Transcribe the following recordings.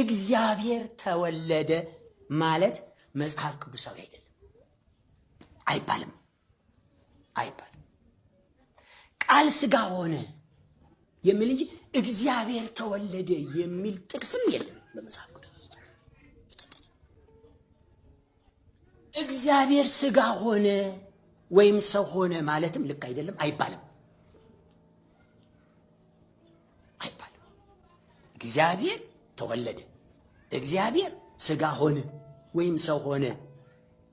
እግዚአብሔር ተወለደ ማለት መጽሐፍ ቅዱሳዊ አይደለም፣ አይባልም አይባልም። ቃል ስጋ ሆነ የሚል እንጂ እግዚአብሔር ተወለደ የሚል ጥቅስም የለም በመጽሐፍ ቅዱስ ውስጥ። እግዚአብሔር ስጋ ሆነ ወይም ሰው ሆነ ማለትም ልክ አይደለም፣ አይባልም አይባልም። እግዚአብሔር ተወለደ። እግዚአብሔር ስጋ ሆነ ወይም ሰው ሆነ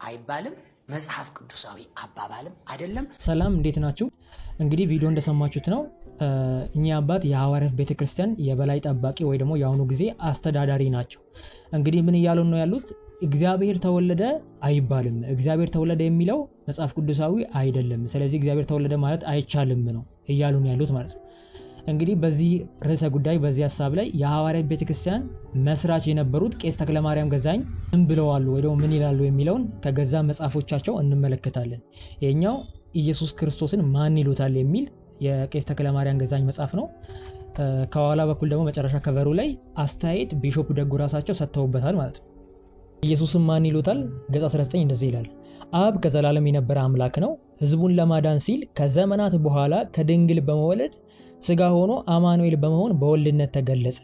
አይባልም። መጽሐፍ ቅዱሳዊ አባባልም አይደለም። ሰላም እንዴት ናችሁ? እንግዲህ ቪዲዮ እንደሰማችሁት ነው እኚህ አባት የሐዋርያት ቤተክርስቲያን የበላይ ጠባቂ ወይ ደግሞ የአሁኑ ጊዜ አስተዳዳሪ ናቸው። እንግዲህ ምን እያሉን ነው ያሉት? እግዚአብሔር ተወለደ አይባልም። እግዚአብሔር ተወለደ የሚለው መጽሐፍ ቅዱሳዊ አይደለም። ስለዚህ እግዚአብሔር ተወለደ ማለት አይቻልም ነው እያሉን ያሉት ማለት ነው። እንግዲህ በዚህ ርዕሰ ጉዳይ በዚህ ሀሳብ ላይ የሐዋርያት ቤተክርስቲያን መስራች የነበሩት ቄስ ተክለማርያም ገዛኝ ምን ብለዋሉ ወይ ምን ይላሉ የሚለውን ከገዛ መጽሐፎቻቸው እንመለከታለን። ይህኛው ኢየሱስ ክርስቶስን ማን ይሉታል የሚል የቄስ ተክለማርያም ገዛኝ መጽሐፍ ነው። ከኋላ በኩል ደግሞ መጨረሻ ከበሩ ላይ አስተያየት ቢሾፕ ደጉ ራሳቸው ሰጥተውበታል ማለት ነው። ኢየሱስም ማን ይሉታል? ገጽ 19 እንደዚህ ይላል፣ አብ ከዘላለም የነበረ አምላክ ነው፣ ህዝቡን ለማዳን ሲል ከዘመናት በኋላ ከድንግል በመወለድ ስጋ ሆኖ አማኑኤል በመሆን በወልድነት ተገለጸ።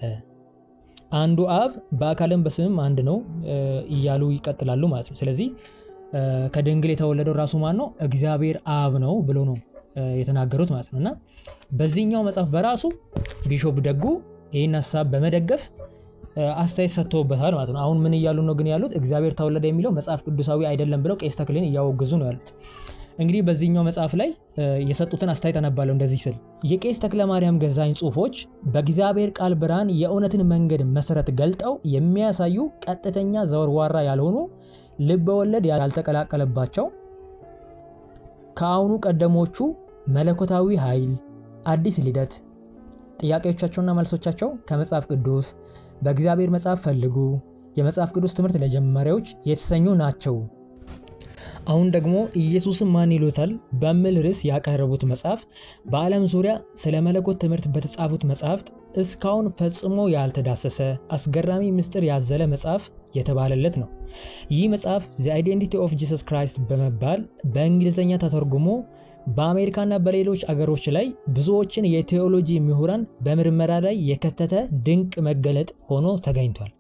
አንዱ አብ በአካልም በስምም አንድ ነው እያሉ ይቀጥላሉ ማለት ነው። ስለዚህ ከድንግል የተወለደው ራሱ ማን ነው? እግዚአብሔር አብ ነው ብሎ ነው የተናገሩት ማለት ነው። እና በዚህኛው መጽሐፍ በራሱ ቢሾፕ ደጉ ይህን ሀሳብ በመደገፍ አስተያየት ሰጥተውበታል ማለት ነው። አሁን ምን እያሉ ነው ግን ያሉት? እግዚአብሔር ተወለደ የሚለው መጽሐፍ ቅዱሳዊ አይደለም ብለው ቄስ ተክሌን እያወግዙ ነው ያሉት። እንግዲህ በዚህኛው መጽሐፍ ላይ የሰጡትን አስተያየት አነባለሁ እንደዚህ ስል የቄስ ተክለ ማርያም ገዛኝ ጽሁፎች በእግዚአብሔር ቃል ብርሃን የእውነትን መንገድ መሰረት ገልጠው የሚያሳዩ ቀጥተኛ ዘወርዋራ ያልሆኑ ልበ ወለድ ያልተቀላቀለባቸው ከአሁኑ ቀደሞቹ መለኮታዊ ኃይል፣ አዲስ ልደት፣ ጥያቄዎቻቸውና መልሶቻቸው ከመጽሐፍ ቅዱስ በእግዚአብሔር መጽሐፍ ፈልጉ የመጽሐፍ ቅዱስ ትምህርት ለጀማሪዎች የተሰኙ ናቸው። አሁን ደግሞ ኢየሱስን ማን ይሉታል በሚል ርዕስ ያቀረቡት መጽሐፍ በዓለም ዙሪያ ስለ መለኮት ትምህርት በተጻፉት መጽሐፍት እስካሁን ፈጽሞ ያልተዳሰሰ አስገራሚ ምስጢር ያዘለ መጽሐፍ የተባለለት ነው። ይህ መጽሐፍ ዘ አይዴንቲቲ ኦፍ ጂሰስ ክራይስት በመባል በእንግሊዝኛ ተተርጉሞ በአሜሪካና በሌሎች አገሮች ላይ ብዙዎችን የቴዎሎጂ ምሁራን በምርመራ ላይ የከተተ ድንቅ መገለጥ ሆኖ ተገኝቷል።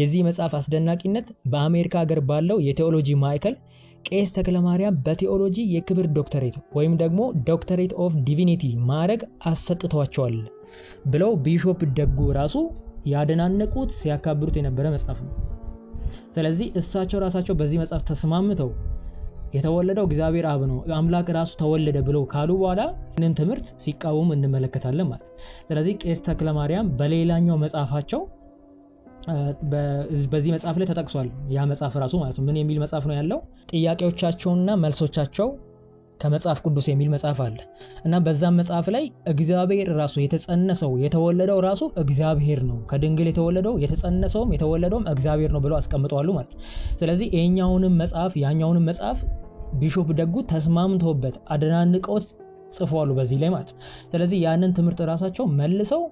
የዚህ መጽሐፍ አስደናቂነት በአሜሪካ ሀገር ባለው የቴዎሎጂ ማዕከል ቄስ ተክለማርያም በቴዎሎጂ የክብር ዶክተሬት ወይም ደግሞ ዶክተሬት ኦፍ ዲቪኒቲ ማዕረግ አሰጥቷቸዋል ብለው ቢሾፕ ደጉ ራሱ ያደናነቁት ሲያካብሩት የነበረ መጽሐፍ ነው። ስለዚህ እሳቸው ራሳቸው በዚህ መጽሐፍ ተስማምተው የተወለደው እግዚአብሔር አብ ነው አምላክ ራሱ ተወለደ ብለው ካሉ በኋላ ይህንን ትምህርት ሲቃወሙ እንመለከታለን ማለት። ስለዚህ ቄስ ተክለ ማርያም በሌላኛው መጽሐፋቸው በዚህ መጽሐፍ ላይ ተጠቅሷል። ያ መጽሐፍ ራሱ ማለት ምን የሚል መጽሐፍ ነው ያለው? ጥያቄዎቻቸውና መልሶቻቸው ከመጽሐፍ ቅዱስ የሚል መጽሐፍ አለ እና በዛም መጽሐፍ ላይ እግዚአብሔር ራሱ የተጸነሰው የተወለደው ራሱ እግዚአብሔር ነው፣ ከድንግል የተወለደው የተጸነሰውም የተወለደውም እግዚአብሔር ነው ብለው አስቀምጠዋሉ ማለት ስለዚህ የኛውንም መጽሐፍ ያኛውንም መጽሐፍ ቢሾፕ ደጉ ተስማምተውበት አደናንቀውት ጽፏሉ በዚህ ላይ ማለት ነው። ስለዚህ ያንን ትምህርት ራሳቸው መልሰው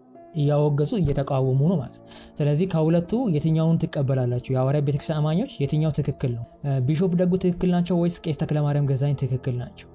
እያወገዙ እየተቃወሙ ነው ማለት ነው። ስለዚህ ከሁለቱ የትኛውን ትቀበላላችሁ? የአዋርያ ቤተክርስቲያን አማኞች የትኛው ትክክል ነው? ቢሾፕ ደጉ ትክክል ናቸው ወይስ ቄስ ተክለማርያም ገዛኝ ትክክል ናቸው?